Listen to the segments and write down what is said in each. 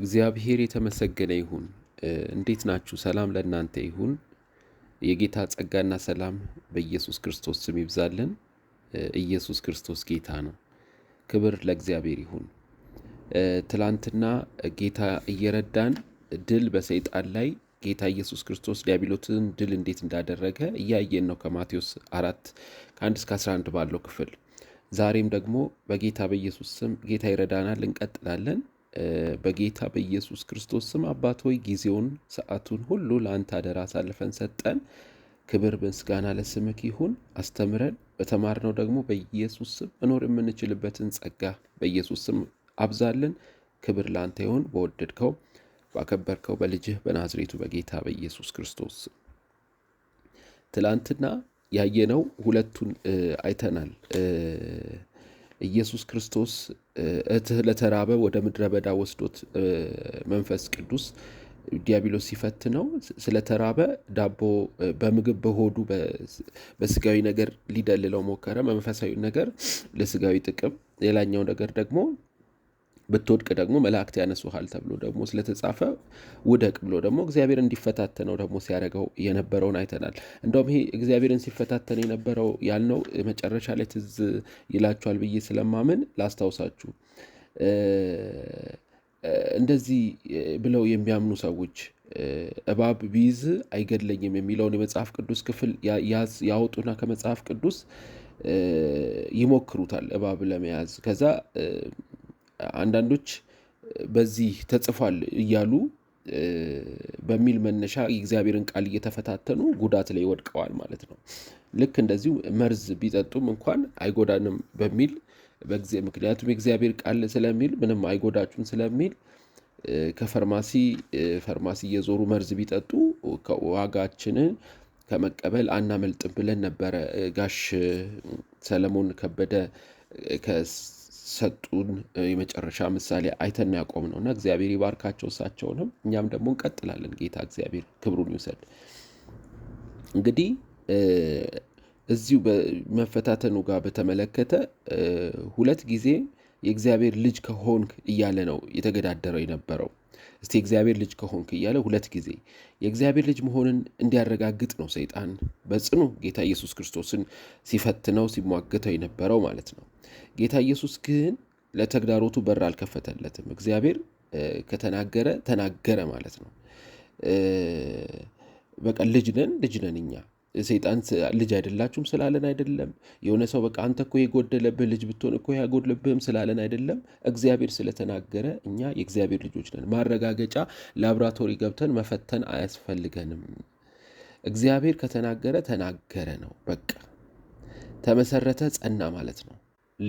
እግዚአብሔር የተመሰገነ ይሁን። እንዴት ናችሁ? ሰላም ለእናንተ ይሁን። የጌታ ጸጋና ሰላም በኢየሱስ ክርስቶስ ስም ይብዛልን። ኢየሱስ ክርስቶስ ጌታ ነው። ክብር ለእግዚአብሔር ይሁን። ትላንትና ጌታ እየረዳን ድል በሰይጣን ላይ ጌታ ኢየሱስ ክርስቶስ ዲያብሎትን ድል እንዴት እንዳደረገ እያየን ነው ከማቴዎስ አራት ከአንድ እስከ 11 ባለው ክፍል። ዛሬም ደግሞ በጌታ በኢየሱስ ስም ጌታ ይረዳናል። እንቀጥላለን። በጌታ በኢየሱስ ክርስቶስ ስም አባት ሆይ ጊዜውን ሰዓቱን ሁሉ ለአንተ አደራ አሳልፈን ሰጠን። ክብር ምስጋና ለስምክ ይሁን። አስተምረን፣ በተማርነው ደግሞ በኢየሱስ ስም መኖር የምንችልበትን ጸጋ በኢየሱስ ስም አብዛልን። ክብር ለአንተ ይሁን። በወደድከው ባከበርከው በልጅህ በናዝሬቱ በጌታ በኢየሱስ ክርስቶስ ትላንትና ያየነው ሁለቱን አይተናል። ኢየሱስ ክርስቶስ እትህ ለተራበ ወደ ምድረ በዳ ወስዶት መንፈስ ቅዱስ ዲያብሎስ ነው ስለተራበ ዳቦ በምግብ በሆዱ በስጋዊ ነገር ሊደልለው ሞከረ። መንፈሳዊ ነገር ለስጋዊ ጥቅም፣ ሌላኛው ነገር ደግሞ ብትወድቅ ደግሞ መላእክት ያነሱሃል ተብሎ ደግሞ ስለተጻፈ ውደቅ ብሎ ደግሞ እግዚአብሔር እንዲፈታተነው ደግሞ ሲያደርገው የነበረውን አይተናል። እንደውም ይሄ እግዚአብሔርን ሲፈታተን የነበረው ያልነው መጨረሻ ላይ ትዝ ይላችኋል ብዬ ስለማምን ላስታውሳችሁ። እንደዚህ ብለው የሚያምኑ ሰዎች እባብ ቢይዝ አይገድለኝም የሚለውን የመጽሐፍ ቅዱስ ክፍል ያወጡና ከመጽሐፍ ቅዱስ ይሞክሩታል እባብ ለመያዝ ከዛ አንዳንዶች በዚህ ተጽፏል እያሉ በሚል መነሻ የእግዚአብሔርን ቃል እየተፈታተኑ ጉዳት ላይ ወድቀዋል ማለት ነው። ልክ እንደዚሁ መርዝ ቢጠጡም እንኳን አይጎዳንም በሚል ምክንያቱም የእግዚአብሔር ቃል ስለሚል ምንም አይጎዳችሁም ስለሚል ከፈርማሲ ፈርማሲ እየዞሩ መርዝ ቢጠጡ ዋጋችንን ከመቀበል አናመልጥም ብለን ነበረ ጋሽ ሰለሞን ከበደ ሰጡን የመጨረሻ ምሳሌ አይተን ያቆም ነው እና እግዚአብሔር ይባርካቸው እሳቸውንም እኛም ደግሞ እንቀጥላለን። ጌታ እግዚአብሔር ክብሩን ይውሰድ። እንግዲህ እዚሁ በመፈታተኑ ጋር በተመለከተ ሁለት ጊዜ የእግዚአብሔር ልጅ ከሆንክ እያለ ነው የተገዳደረው የነበረው። እስቲ የእግዚአብሔር ልጅ ከሆንክ እያለ ሁለት ጊዜ የእግዚአብሔር ልጅ መሆንን እንዲያረጋግጥ ነው ሰይጣን በጽኑ ጌታ ኢየሱስ ክርስቶስን ሲፈትነው ሲሟገተው የነበረው ማለት ነው። ጌታ ኢየሱስ ግን ለተግዳሮቱ በር አልከፈተለትም። እግዚአብሔር ከተናገረ ተናገረ ማለት ነው። በቃ ልጅ ነን ልጅ ነን እኛ ሰይጣን ልጅ አይደላችሁም ስላለን አይደለም። የሆነ ሰው በቃ አንተ እኮ የጎደለብህ ልጅ ብትሆን እኮ ያጎድለብህም ስላለን አይደለም። እግዚአብሔር ስለተናገረ እኛ የእግዚአብሔር ልጆች ነን። ማረጋገጫ ላብራቶሪ ገብተን መፈተን አያስፈልገንም። እግዚአብሔር ከተናገረ ተናገረ ነው በቃ። ተመሰረተ፣ ጸና ማለት ነው።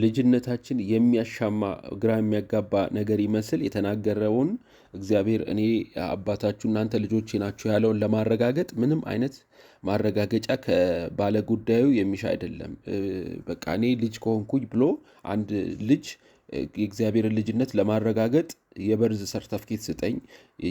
ልጅነታችን የሚያሻማ ግራ የሚያጋባ ነገር ይመስል የተናገረውን እግዚአብሔር እኔ አባታችሁ እናንተ ልጆቼ ናችሁ ያለውን ለማረጋገጥ ምንም አይነት ማረጋገጫ ከባለ ጉዳዩ የሚሻ አይደለም። በቃ እኔ ልጅ ከሆንኩኝ ብሎ አንድ ልጅ የእግዚአብሔርን ልጅነት ለማረጋገጥ የበርዝ ሰርተፍኬት ስጠኝ፣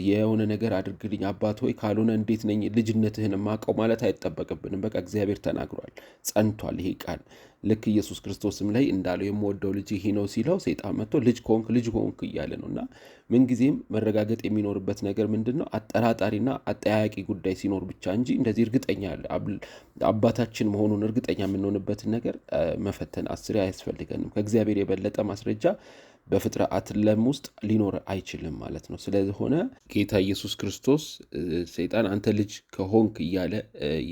የሆነ ነገር አድርግልኝ አባት ሆይ፣ ካልሆነ እንዴት ነኝ ልጅነትህን ማቀው ማለት አይጠበቅብንም። በቃ እግዚአብሔር ተናግሯል፣ ጸንቷል ይሄ ቃል። ልክ ኢየሱስ ክርስቶስም ላይ እንዳለው የምወደው ልጅ ይሄ ነው ሲለው ሰይጣን መጥቶ ልጅ ከሆንክ ልጅ ከሆንክ እያለ ነው። እና ምንጊዜም መረጋገጥ የሚኖርበት ነገር ምንድን ነው? አጠራጣሪና አጠያያቂ ጉዳይ ሲኖር ብቻ እንጂ እንደዚህ እርግጠኛ አባታችን መሆኑን እርግጠኛ የምንሆንበትን ነገር መፈተን አስር አያስፈልገንም። ከእግዚአብሔር የበለጠ ማስረጃ በፍጥረት ለም ውስጥ ሊኖር አይችልም ማለት ነው። ስለሆነ ጌታ ኢየሱስ ክርስቶስ ሰይጣን አንተ ልጅ ከሆንክ እያለ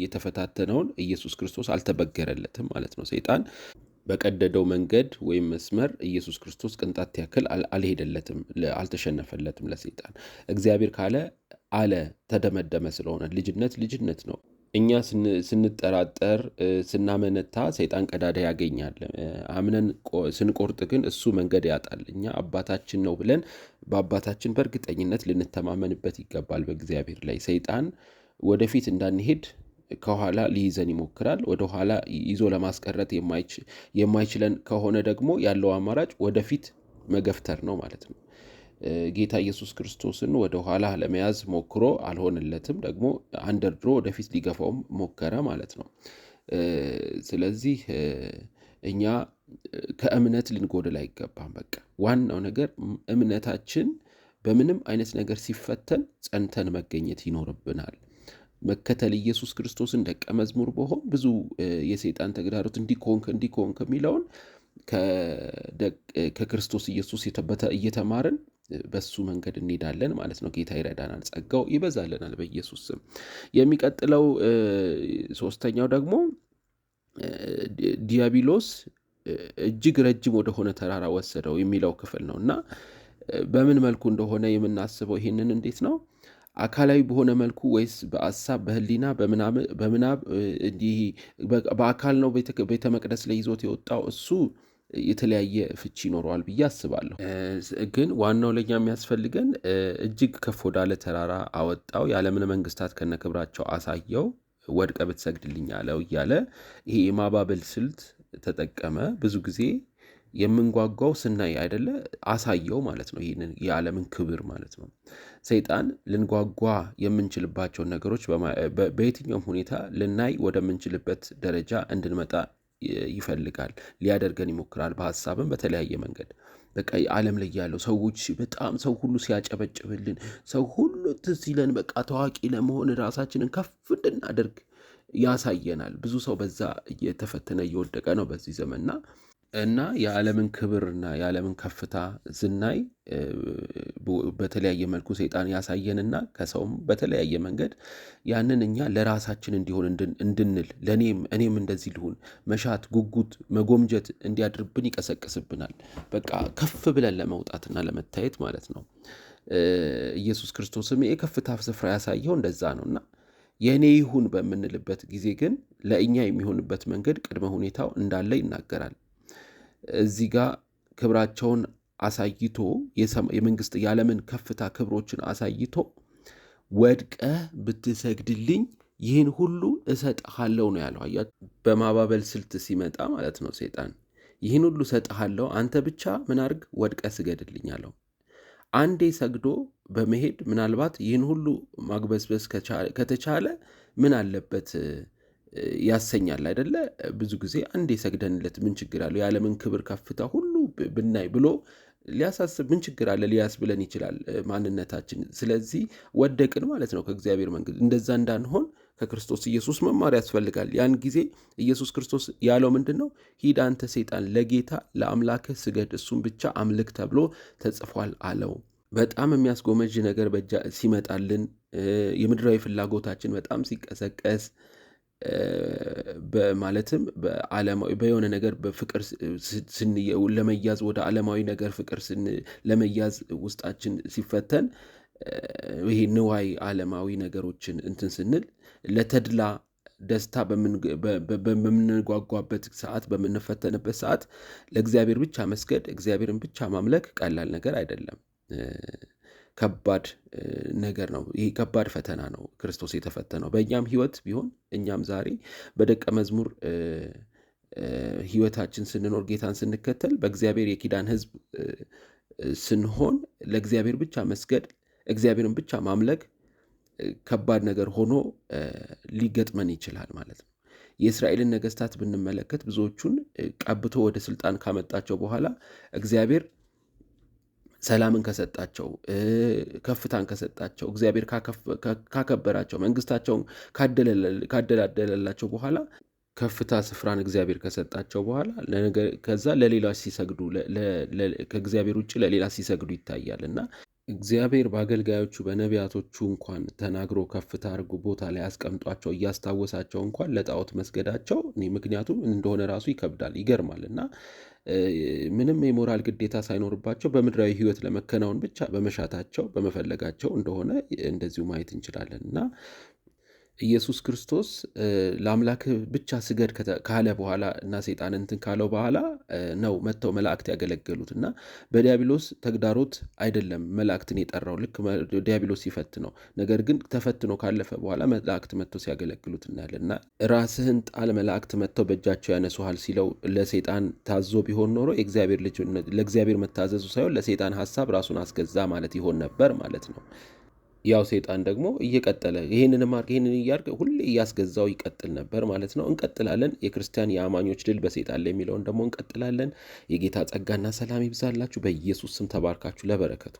የተፈታተነውን ኢየሱስ ክርስቶስ አልተበገረለትም ማለት ነው። ሰይጣን በቀደደው መንገድ ወይም መስመር ኢየሱስ ክርስቶስ ቅንጣት ያክል አልሄደለትም፣ አልተሸነፈለትም። ለሰይጣን እግዚአብሔር ካለ አለ ተደመደመ። ስለሆነ ልጅነት ልጅነት ነው። እኛ ስንጠራጠር ስናመነታ ሰይጣን ቀዳዳ ያገኛል። አምነን ስንቆርጥ ግን እሱ መንገድ ያጣል። እኛ አባታችን ነው ብለን በአባታችን በእርግጠኝነት ልንተማመንበት ይገባል። በእግዚአብሔር ላይ ሰይጣን ወደፊት እንዳንሄድ ከኋላ ሊይዘን ይሞክራል። ወደኋላ ይዞ ለማስቀረት የማይችለን ከሆነ ደግሞ ያለው አማራጭ ወደፊት መገፍተር ነው ማለት ነው። ጌታ ኢየሱስ ክርስቶስን ወደ ኋላ ለመያዝ ሞክሮ አልሆንለትም፣ ደግሞ አንደርድሮ ወደፊት ሊገፋውም ሞከረ ማለት ነው። ስለዚህ እኛ ከእምነት ልንጎድል አይገባም። በቃ ዋናው ነገር እምነታችን በምንም አይነት ነገር ሲፈተን ጸንተን መገኘት ይኖርብናል። መከተል ኢየሱስ ክርስቶስን ደቀ መዝሙር በሆን ብዙ የሰይጣን ተግዳሮት እንዲኮንክ እንዲኮንክ የሚለውን ከክርስቶስ ኢየሱስ እየተማርን በሱ መንገድ እንሄዳለን ማለት ነው። ጌታ ይረዳናል፣ ጸጋው ይበዛልናል በኢየሱስ ስም። የሚቀጥለው ሶስተኛው ደግሞ ዲያብሎስ እጅግ ረጅም ወደሆነ ተራራ ወሰደው የሚለው ክፍል ነው እና በምን መልኩ እንደሆነ የምናስበው ይህንን እንዴት ነው አካላዊ በሆነ መልኩ ወይስ በአሳብ በህሊና በምናብ እንዲህ በአካል ነው ቤተ መቅደስ ላይ ይዞት የወጣው እሱ የተለያየ ፍቺ ይኖረዋል ብዬ አስባለሁ። ግን ዋናው ለኛ የሚያስፈልገን እጅግ ከፍ ወዳለ ተራራ አወጣው፣ የዓለምን መንግስታት ከነክብራቸው አሳየው፣ ወድቀ ብትሰግድልኝ አለው እያለ ይሄ የማባበል ስልት ተጠቀመ ብዙ ጊዜ የምንጓጓው ስናይ አይደለ አሳየው ማለት ነው። ይህንን የዓለምን ክብር ማለት ነው። ሰይጣን ልንጓጓ የምንችልባቸውን ነገሮች በየትኛውም ሁኔታ ልናይ ወደምንችልበት ደረጃ እንድንመጣ ይፈልጋል። ሊያደርገን ይሞክራል። በሀሳብም በተለያየ መንገድ በቃ የዓለም ላይ ያለው ሰዎች በጣም ሰው ሁሉ ሲያጨበጭብልን፣ ሰው ሁሉ ሲለን በቃ ታዋቂ ለመሆን ራሳችንን ከፍ እንድናደርግ ያሳየናል። ብዙ ሰው በዛ እየተፈተነ እየወደቀ ነው በዚህ ዘመንና እና የዓለምን እና የዓለምን ከፍታ ዝናይ በተለያየ መልኩ ሰይጣን ያሳየንና ከሰውም በተለያየ መንገድ ያንን እኛ ለራሳችን እንዲሆን እንድንል ለእኔም እኔም እንደዚህ ልሁን መሻት፣ ጉጉት፣ መጎምጀት እንዲያድርብን ይቀሰቅስብናል። በቃ ከፍ ብለን ለመውጣትና ለመታየት ማለት ነው። ኢየሱስ ክርስቶስም የከፍታ ስፍራ ያሳየው እንደዛ እና የእኔ ይሁን በምንልበት ጊዜ ግን ለእኛ የሚሆንበት መንገድ ቅድመ ሁኔታው እንዳለ ይናገራል። እዚህ ጋር ክብራቸውን አሳይቶ የመንግስት የዓለምን ከፍታ ክብሮችን አሳይቶ ወድቀህ ብትሰግድልኝ ይህን ሁሉ እሰጥሃለው ነው ያለው። አያ በማባበል ስልት ሲመጣ ማለት ነው ሴጣን ይህን ሁሉ እሰጥሃለው፣ አንተ ብቻ ምን አርግ ወድቀህ ስገድልኝ አለው። አንዴ ሰግዶ በመሄድ ምናልባት ይህን ሁሉ ማግበስበስ ከተቻለ ምን አለበት ያሰኛል አይደለ? ብዙ ጊዜ አንዴ ሰግደንለት ምን ችግር አለው የዓለምን ክብር ከፍታ ሁሉ ብናይ ብሎ ሊያሳስብ ምን ችግር አለ ብለን ይችላል ማንነታችን። ስለዚህ ወደቅን ማለት ነው ከእግዚአብሔር መንግስት። እንደዛ እንዳንሆን ከክርስቶስ ኢየሱስ መማር ያስፈልጋል። ያን ጊዜ ኢየሱስ ክርስቶስ ያለው ምንድን ነው? ሂድ አንተ ሰይጣን፣ ለጌታ ለአምላክህ ስገድ፣ እሱም ብቻ አምልክ ተብሎ ተጽፏል አለው። በጣም የሚያስጎመጅ ነገር ሲመጣልን፣ የምድራዊ ፍላጎታችን በጣም ሲቀሰቀስ ማለትም በዓለማዊ በየሆነ ነገር በፍቅር ለመያዝ ወደ ዓለማዊ ነገር ፍቅር ለመያዝ ውስጣችን ሲፈተን ይሄ ንዋይ ዓለማዊ ነገሮችን እንትን ስንል ለተድላ ደስታ በምንጓጓበት ሰዓት በምንፈተንበት ሰዓት ለእግዚአብሔር ብቻ መስገድ እግዚአብሔርን ብቻ ማምለክ ቀላል ነገር አይደለም። ከባድ ነገር ነው። ይህ ከባድ ፈተና ነው ክርስቶስ የተፈተነው በእኛም ህይወት ቢሆን እኛም ዛሬ በደቀ መዝሙር ህይወታችን ስንኖር ጌታን ስንከተል በእግዚአብሔር የኪዳን ህዝብ ስንሆን ለእግዚአብሔር ብቻ መስገድ እግዚአብሔርን ብቻ ማምለክ ከባድ ነገር ሆኖ ሊገጥመን ይችላል ማለት ነው። የእስራኤልን ነገስታት ብንመለከት ብዙዎቹን ቀብቶ ወደ ስልጣን ካመጣቸው በኋላ እግዚአብሔር ሰላምን ከሰጣቸው ከፍታን ከሰጣቸው እግዚአብሔር ካከበራቸው መንግስታቸውን ካደላደለላቸው በኋላ ከፍታ ስፍራን እግዚአብሔር ከሰጣቸው በኋላ ከዛ ለሌላ ሲሰግዱ ከእግዚአብሔር ውጭ ለሌላ ሲሰግዱ ይታያል እና እግዚአብሔር በአገልጋዮቹ በነቢያቶቹ እንኳን ተናግሮ ከፍታ አድርጎ ቦታ ላይ አስቀምጧቸው እያስታወሳቸው እንኳን ለጣዖት መስገዳቸው እኔ ምክንያቱም እንደሆነ ራሱ ይከብዳል፣ ይገርማል። እና ምንም የሞራል ግዴታ ሳይኖርባቸው በምድራዊ ሕይወት ለመከናወን ብቻ በመሻታቸው በመፈለጋቸው እንደሆነ እንደዚሁ ማየት እንችላለን እና ኢየሱስ ክርስቶስ ለአምላክ ብቻ ስገድ ካለ በኋላ እና ሰይጣን እንትን ካለው በኋላ ነው መጥተው መላእክት ያገለገሉት እና በዲያብሎስ ተግዳሮት አይደለም መላእክትን የጠራው ልክ ዲያብሎስ ሲፈት ነው። ነገር ግን ተፈትኖ ካለፈ በኋላ መላእክት መጥተው ሲያገለግሉት እናያለን እና ራስህን ጣል መላእክት መጥተው በእጃቸው ያነሱሃል ሲለው ለሰይጣን ታዞ ቢሆን ኖሮ ለእግዚአብሔር መታዘዙ ሳይሆን ለሰይጣን ሀሳብ ራሱን አስገዛ ማለት ይሆን ነበር ማለት ነው። ያው ሴጣን ደግሞ እየቀጠለ ይህንን ማርክ ይህንን እያርግ ሁሌ እያስገዛው ይቀጥል ነበር ማለት ነው። እንቀጥላለን። የክርስቲያን የአማኞች ድል በሴጣን ላይ የሚለውን ደግሞ እንቀጥላለን። የጌታ ጸጋና ሰላም ይብዛላችሁ። በኢየሱስ ስም ተባርካችሁ ለበረከቱ